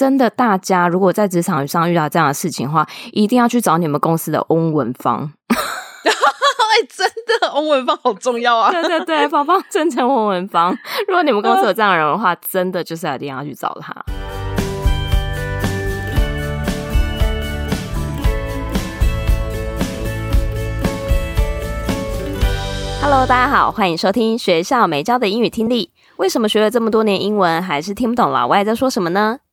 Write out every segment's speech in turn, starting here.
真的，大家如果在職場上遇到這樣的事情的話，一定要去找你們公司的翁文方 欸。真的，翁文方好重要啊！ 對對對，方方正正翁文方。 如果你們公司有這樣的人的話， 真的就是一定要去找他。Hello，大家好，歡迎收聽學校沒教的英語聽力。為什麼學了這麼多年英文，還是聽不懂老外在說什麼呢？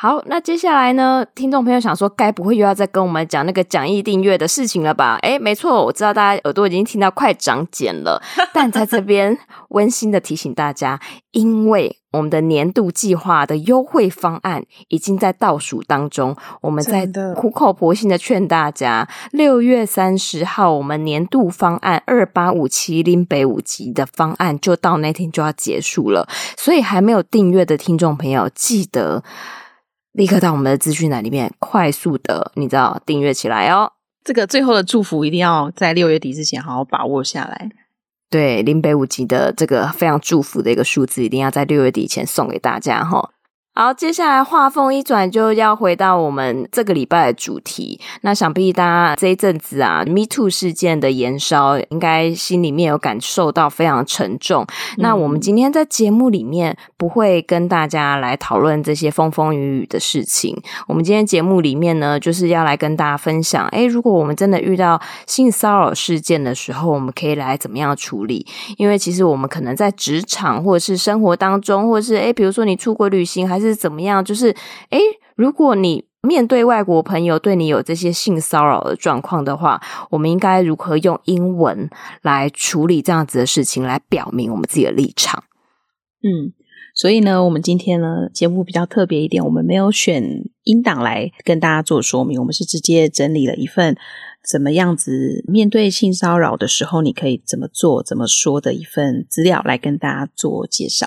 好，那接下來呢，聽眾朋友想說，該不會又要再跟我們講那個講義訂閱的事情了吧？誒、欸，沒錯，我知道大家耳朵已經聽到快長繭了。但在這邊溫馨的提醒大家， 因為我們的年度計劃的優惠方案已經在倒數當中，我們在苦口婆心的勸大家，六月三十號我們年度方案二八五七零北五級的方案就到那天就要結束了。所以還沒有訂閱的聽眾朋友，記得，立刻到我們的資訊欄裡面，快速的，你知道訂閱起來哦。這個最後的祝福一定要在六月底之前好好把握下來。對，零北五級的這個非常祝福的一個數字，一定要在六月底前送給大家哈、哦。好，接下來畫風一轉，就要回到我們這個禮拜的主題。那想必大家這一陣子啊，Me Too 事件的延燒，應該心裡面有感受到非常沉重、嗯。那我們今天在節目裡面不會跟大家來討論這些風風雨雨的事情。我們今天節目裡面呢，就是要來跟大家分享：誒、欸，如果我們真的遇到性騷擾事件的時候，我們可以來怎麼樣處理？因為其實我們可能在職場，或者是生活當中，或者是誒、欸，比如說你出國旅行，還是是怎麼樣？就是，誒。如果你面對外國朋友對你有這些性騷擾的狀況的話，我們應該如何用英文來處理這樣子的事情，來表明我們自己的立場？嗯，所以呢，我們今天呢節目比較特別一點，我們沒有選音檔來跟大家做說明，我們是直接整理了一份怎麼樣子面對性騷擾的時候，你可以怎麼做、怎麼說的一份資料來跟大家做介紹。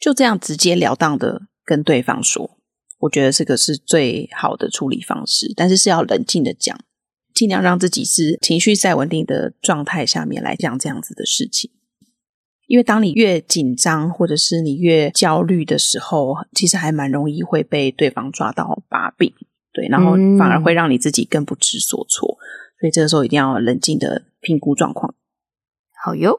就這樣直截了當的跟對方說，我覺得這個是最好的處理方式。但是是要冷靜的講，盡量讓自己是情緒在穩定的狀態下面來講這樣子的事情。因為當你越緊張或者是你越焦慮的時候，其實還蠻容易會被對方抓到把柄，對，然後反而會讓你自己更不知所措。嗯。所以這個時候一定要冷靜的評估狀況。好喲。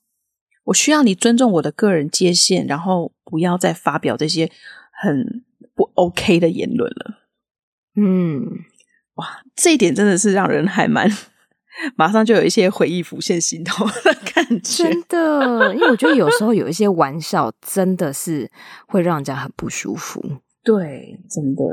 我需要你尊重我的個人界限，然後不要再發表這些很不 OK 的言論了。嗯，哇，這一點真的是讓人還蠻馬上就有一些回憶浮現心頭的感覺。真的，因為我覺得有時候有一些玩笑真的是會讓人家很不舒服。 對，真的。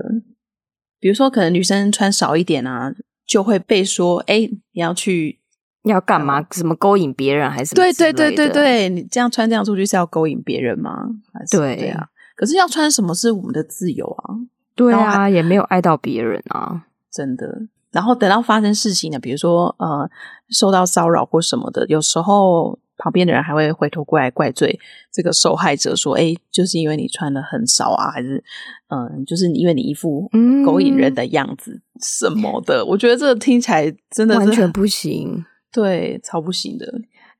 比如說，可能女生穿少一點啊，就會被說：“誒，你要去。”要幹嘛、嗯？什麼勾引別人還是對對對對對？你這樣穿這樣出去是要勾引別人嗎？還是對、啊對啊、可是要穿什麼是我們的自由啊？對啊，也沒有礙到別人啊，真的。然後等到發生事情了，比如說呃，受到騷擾或什麼的，有時候旁邊的人還會回頭過來怪罪這個受害者，說：“哎、欸，就是因為你穿的很少啊，還是嗯、呃，就是因為你一副勾引人的樣子、嗯、什麼的。”我覺得這個聽起來真的是完全不行。對，超不行的。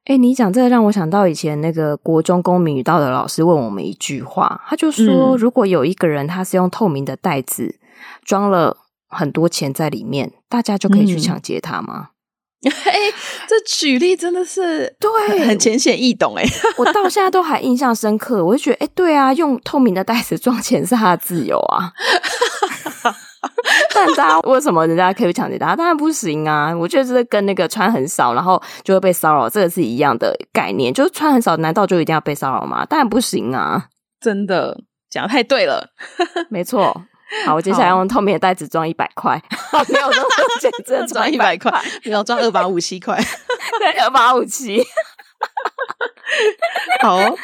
哎、欸，你講這個讓我想到以前那個國中公民與道德老師問我們一句話，他就說，如果有一個人他是用透明的袋子裝了很多錢在裡面，嗯、大家就可以去搶劫他嗎？哎、欸，這舉例真的是對，很淺顯易懂哎、欸， 我到現在都還印象深刻。我就覺得哎、欸，對啊，用透明的袋子裝錢是他的自由啊。 人 家為什麼人家可以搶劫他？當然不行啊！我覺得這是跟那個穿很少，然後就會被騷擾，這個是一樣的概念。就是穿很少，難道就一定要被騷擾嗎？當然不行啊！真的講得太對了， 沒錯。好，我接下來用透明的袋子裝一百塊，沒有那麼多錢，真的裝一百塊，你要裝二八五七塊，對，二八五七。 好、哦，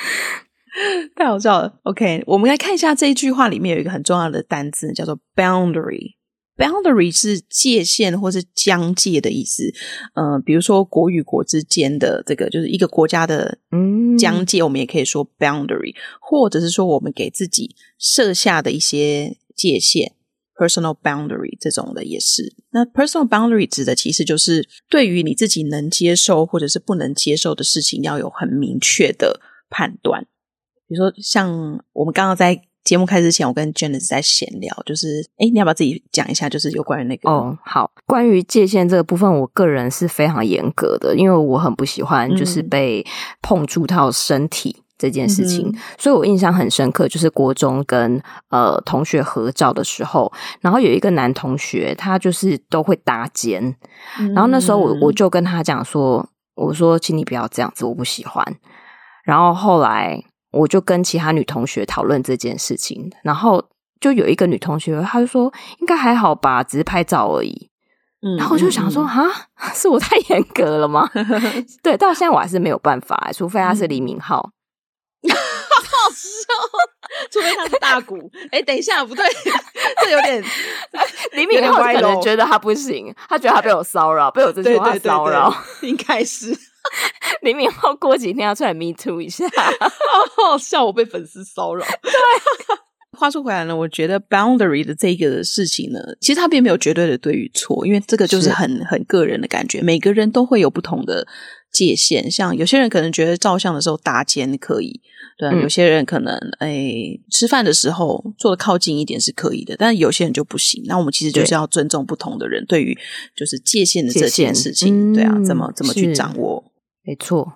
太好笑了。OK，我們來看一下這一句話裡面有一個很重要的單字，叫做 boundary。Boundary 是界限或是疆界的意思，呃，比如說國與國之間的這個，就是一個國家的疆界，我們也可以說 boundary，嗯，或者是說我們給自己設下的一些界限，personal boundary 這種的也是。那 personal boundary 指的其實就是對於你自己能接受或者是不能接受的事情，要有很明確的判斷。比如說像我們剛剛在，節目開始之前，我跟 Janice 在閒聊，就是哎，你要不要自己講一下？就是有關於那個哦，oh, 好，關於界限這個部分，我個人是非常嚴格的，因為我很不喜歡就是被碰觸到身體、嗯、這件事情，所以我印象很深刻，就是國中跟呃同學合照的時候，然後有一個男同學，他就是都會搭肩，嗯、然後那時候我我就跟他講說，我說請你不要這樣子，我不喜歡。然後後來。我就跟其他女同學討論這件事情，然後就有一個女同學，她就說應該還好吧，只是拍照而已。嗯、然後我就想說，啊、嗯嗯，是我太嚴格了嗎？ 對，到現在我還是沒有辦法、欸，除非他是李敏鎬，好、嗯,、 笑除非他是大谷。誒、 欸、等一下，不對，這有點李敏鎬可能覺得他不行， 他覺得他被我騷擾， 被我這句話騷擾，應該是。明 明後過幾天要出來，me too 一下，笑，笑我被粉絲騷擾。對、啊，話說回來呢，我覺得 boundary 的這個事情呢，其實它並沒有絕對的對與錯，因為這個就是很是很個人的感覺，每個人都會有不同的界限。像有些人可能覺得照相的時候搭肩可以，對、啊嗯；有些人可能哎、欸、吃飯的時候坐的靠近一點是可以的，但是有些人就不行。那我們其實就是要尊重不同的人對於就是界限的這件事情，嗯、對啊，怎麼怎麼去掌握。沒錯，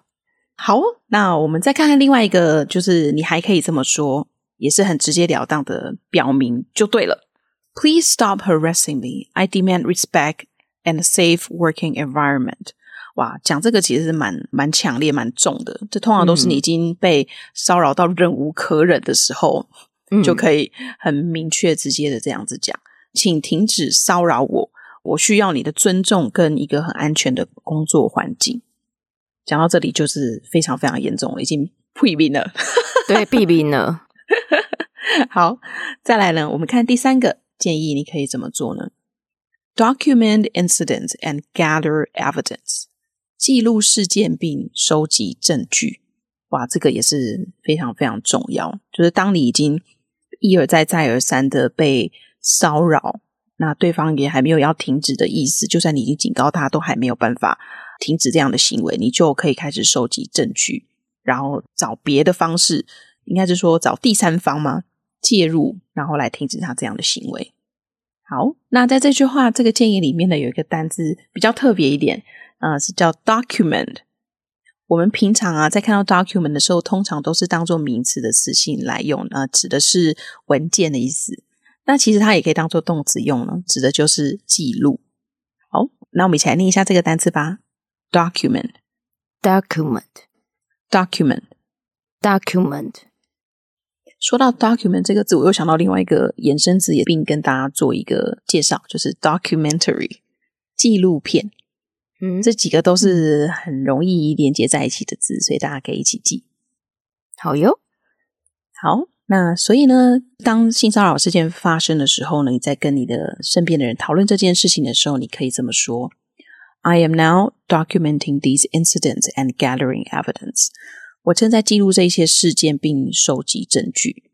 好、哦，那我們再看看另外一個，就是你還可以這麼說，也是很直截了當的表明就對了。Please stop harassing me. I demand respect and a safe working environment. 哇，講這個其實是蠻蠻強烈、蠻重的。這通常都是你已經被騷擾到忍無可忍的時候，嗯、就可以很明確、直接的這樣子講、嗯，請停止騷擾我。我需要你的尊重跟一個很安全的工作環境。講到這裡，就是非常非常嚴重了，已經弊病了， 對，弊病了。 好，再來呢，我們看第三個建議，你可以怎麼做呢？Document incidents and gather evidence，記錄事件並收集證據。哇，這個也是非常非常重要。就是當你已經一而再、再而三的被騷擾，那對方也還沒有要停止的意思，就算你已經警告他，都還沒有辦法。停止這樣的行為，你就可以開始收集證據，然後找別的方式，應該是說找第三方嘛，介入，然後來停止他這樣的行為。好，那在這句話這個建議裡面呢，有一個單字比較特別一點，呃，是叫 document。我們平常啊在看到 document 的時候，通常都是當做名詞的詞性來用，啊、呃，指的是文件的意思。那其實它也可以當做動詞用呢，指的就是記錄。好，那我們一起來念一下這個單字吧。document，document，document，document document, document, document。說到 document 這個字，我又想到另外一個延伸字，也並跟大家做一個介紹，就是 documentary 紀錄片。嗯，這幾個都是很容易連接在一起的字，所以大家可以一起記。好喲，好。那所以呢，當性騷擾事件發生的時候呢，你在跟你的身邊的人討論這件事情的時候，你可以這麼說。I am now documenting these incidents and gathering evidence。我正在記錄這些事件並收集證據。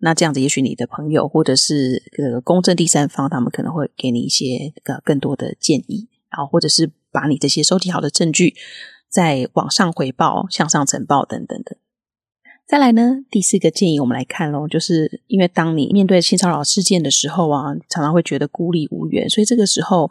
那這樣子，也許你的朋友或者是公正第三方，他們可能會給你一些更多的建議，然後或者是把你這些收集好的證據在網上回報、向上呈報等等的。再來呢，第四個建議，我們來看嘍，就是因為當你面對性騷擾事件的時候啊，常常會覺得孤立無援，所以這個時候。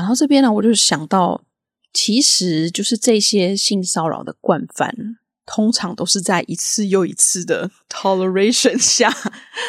講到這邊呢，我就想到，其實就是這些性騷擾的慣犯，通常都是在一次又一次的 toleration 下，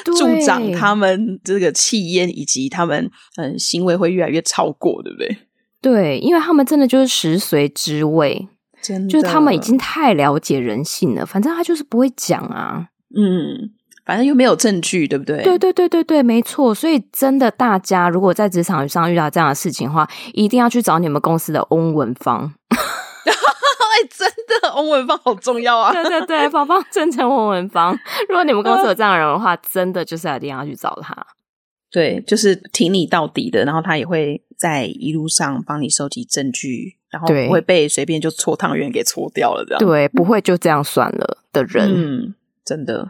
助長他們這個氣焰，以及他們嗯行為會越來越超過，對不對？對，因為他們真的就是食髓知味，真的。就是他們已經太了解人性了，反正他就是不會講啊，嗯。反正又沒有證據，對不對？對對對對對，沒錯。所以真的，大家如果在職場上遇到這樣的事情的話，一定要去找你們公司的翁文芳、 欸。真的，翁文芳好重要啊！ 對對對，寶寶真誠翁文芳。如果你們公司有這樣的人的話， 真的就是一定要去找他。對，就是挺你到底的，然後他也會在一路上幫你收集證據，然後不會被隨便就搓湯圓給搓掉了這樣。對，不會就這樣算了的人， 嗯，真的。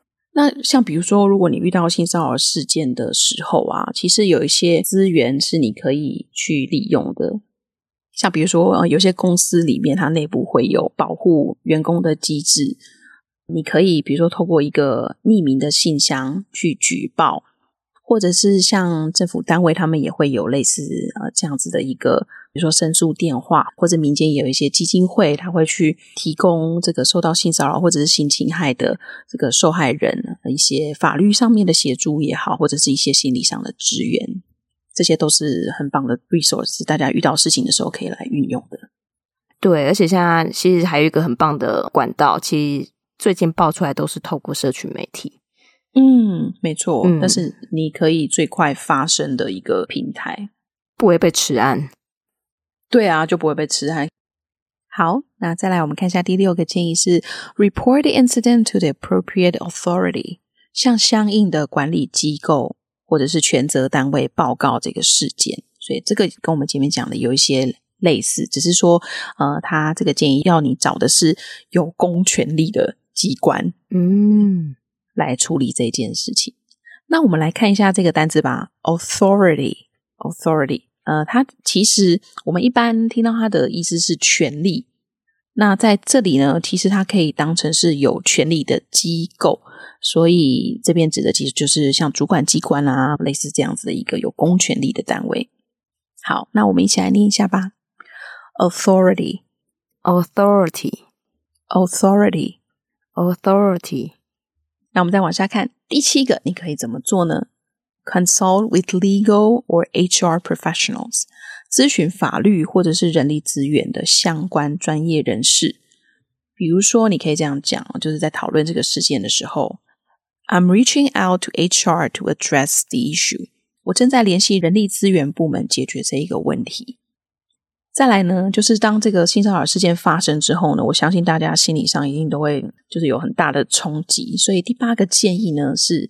那像比如說，如果你遇到性騷擾事件的時候啊，其實有一些資源是你可以去利用的。像比如說，有些公司裡面，它內部會有保護員工的機制。你可以比如說，透過一個匿名的信箱去舉報，或者是像政府單位，他們也會有類似呃這樣子的一個。比如說，申訴電話或者民間也有一些基金會，他會去提供這個受到性騷擾或者是性侵害的這個受害人一些法律上面的協助也好，或者是一些心理上的支援，這些都是很棒的 resource，大家遇到事情的時候可以來運用的。對，而且現在其實還有一個很棒的管道，其實最近爆出來都是透過社群媒體。嗯，沒錯，嗯，但是你可以最快發聲的一個平台，不會被吃案。對啊，就不會被吃害。好，那再來，我們看一下第六個建議是：report the incident to the appropriate authority，向相應的管理機構或者是權責單位報告這個事件。所以這個跟我們前面講的有一些類似，只是說，呃，他這個建議要你找的是有公權力的機關，嗯，來處理這件事情、嗯。那我們來看一下這個單詞吧，authority，authority。Authority, authority 呃，它其實我們一般聽到它的意思是權力。那在這裡呢，其實它可以當成是有權力的機構，所以這邊指的其實就是像主管機關啊，類似這樣子的一個有公權力的單位。好，那我們一起來念一下吧：authority，authority，authority，authority，Authority, Authority, Authority。那我們再往下看第七個，你可以怎麼做呢？Consult with legal or HR professionals，諮詢法律或者是人力資源的相關專業人士。比如說，你可以這樣講，就是在討論這個事件的時候，I'm reaching out to HR to address the issue。我正在聯繫人力資源部門解決這一個問題。再來呢，就是當這個性騷擾事件發生之後呢，我相信大家心理上一定都會就是有很大的衝擊。所以第八個建議呢是。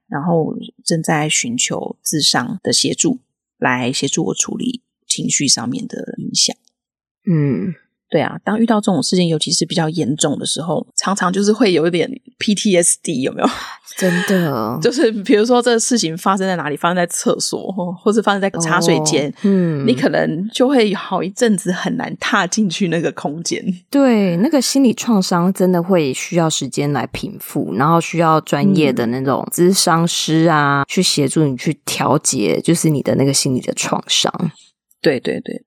然後正在尋求諮商的協助，來協助我處理情緒上面的影響。嗯。對啊，當遇到這種事情，尤其是比較嚴重的時候，常常就是會有一點 PTSD，有沒有？真的，就是比如說這事情發生在哪裡，發生在廁所，或者發生在茶水間，oh, 嗯，你可能就會好一陣子很難踏進去那個空間。對，那個心理創傷真的會需要時間來平復，然後需要專業的那種諮商師啊，嗯、去協助你去調節，就是你的那個心理的創傷。對對對。對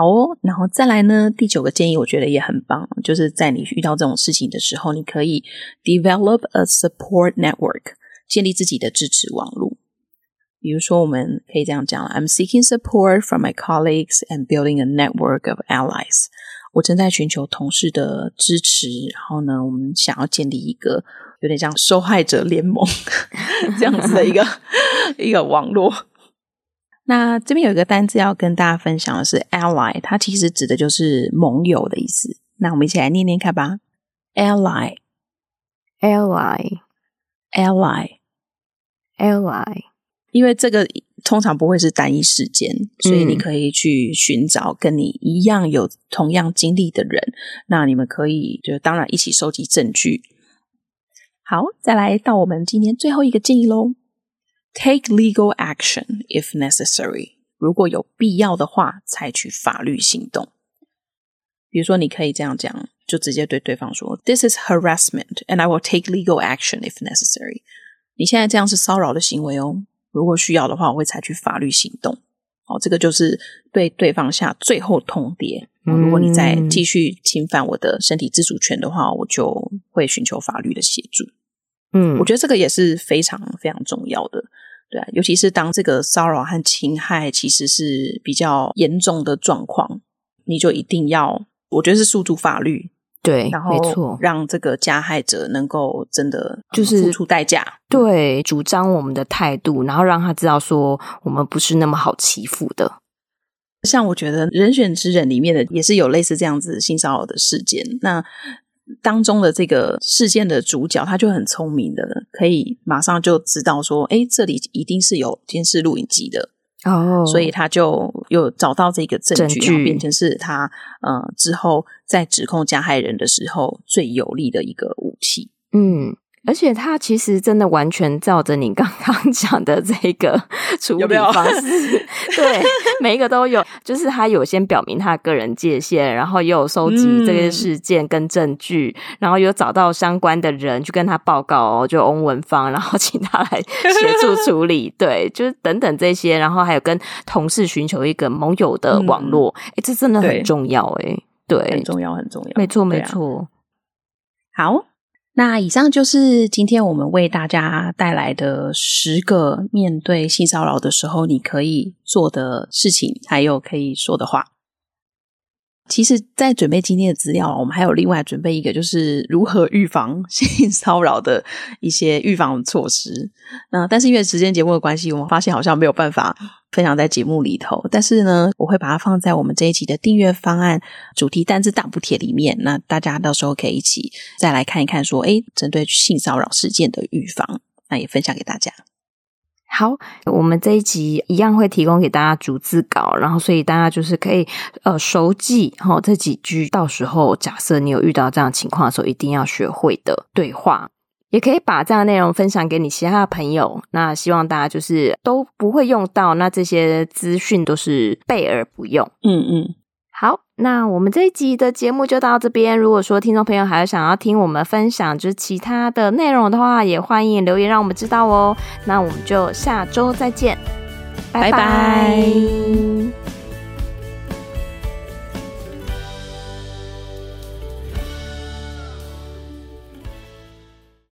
好哦，然後再來呢，第九個建議，我覺得也很棒，就是在你遇到這種事情的時候，你可以 develop a support network，建立自己的支持網絡。比如說，我們可以這樣講，I'm seeking support from my colleagues and building a network of allies。我正在尋求同事的支持，然後呢，我們想要建立一個有點像受害者聯盟，這樣子的一個 一個網絡。那這邊有一個單字要跟大家分享的是 “ally”，它其實指的就是盟友的意思。那我們一起來念念看吧：“ally, ally, ally, ally。”因為這個通常不會是單一事件，所以你可以去尋找跟你一樣有同樣經歷的人，嗯。那你們可以就當然一起收集證據。好，再來到我們今天最後一個建議嘍。Take legal action if necessary。如果有必要的話，採取法律行動。比如說，你可以這樣講，就直接對對方說：“This is harassment, and I will take legal action if necessary。”你現在這樣是騷擾的行為哦。如果需要的話，我會採取法律行動。哦，這個就是對對方下最後通牒。如果你再繼續侵犯我的身體自主權的話，我就會尋求法律的協助。嗯，我覺得這個也是非常非常重要的。對啊，尤其是當這個騷擾和侵害其實是比較嚴重的狀況，你就一定要，我覺得是訴諸法律。對，然後讓這個加害者能夠真的就是、嗯、付出代價對、嗯。對，主張我們的態度，然後讓他知道說我們不是那麼好欺負的。像我覺得《人選之人》裡面的也是有類似這樣子性騷擾的事件。那。當中的這個事件的主角，他就很聰明的，可以馬上就知道說，哎、欸，這裡一定是有監視錄影機的哦，oh, 所以他就又找到這個證據，證據，然後變成是他，呃，之後在指控加害人的時候最有力的一個武器。嗯。而且他其實真的完全照着你剛剛講的這個處理方式有沒有， 對每一個都有，就是他有先表明他的個人界限，然後又有收集這些事件跟證據，嗯、然後有找到相關的人去跟他報告、哦，就翁文芳，然後請他來協助處理， 對，就是等等這些，然後還有跟同事尋求一個盟友的網絡，嗯、誒這真的很重要，誒對，對，很重要，很重要，沒錯，沒錯，啊、好。那以上就是今天我們為大家帶來的十個面對性騷擾的時候你可以做的事情，還有可以說的話。其實，在準備今天的資料，我們還有另外準備一個，就是如何預防性騷擾的一些預防措施。那但是因為時間節目的關係，我們發現好像沒有辦法。分享在節目裡頭，但是呢，我會把它放在我們這一集的訂閱方案主題單字大補帖裡面。那大家到時候可以一起再來看一看說，說哎，針對性騷擾事件的預防，那也分享給大家。好，我們這一集一樣會提供給大家逐字稿，然後所以大家就是可以呃熟記哈、哦、這幾句。到時候假設你有遇到這樣情況的時候，一定要學會的對話。也可以把這樣的內容分享給你其他的朋友。那希望大家就是都不會用到，那這些資訊都是備而不用。嗯嗯，好，那我們這一集的節目就到這邊。如果說聽眾朋友還有想要聽我們分享就是其他的內容的話，也歡迎留言讓我們知道哦。那我們就下週再見，拜拜。拜拜。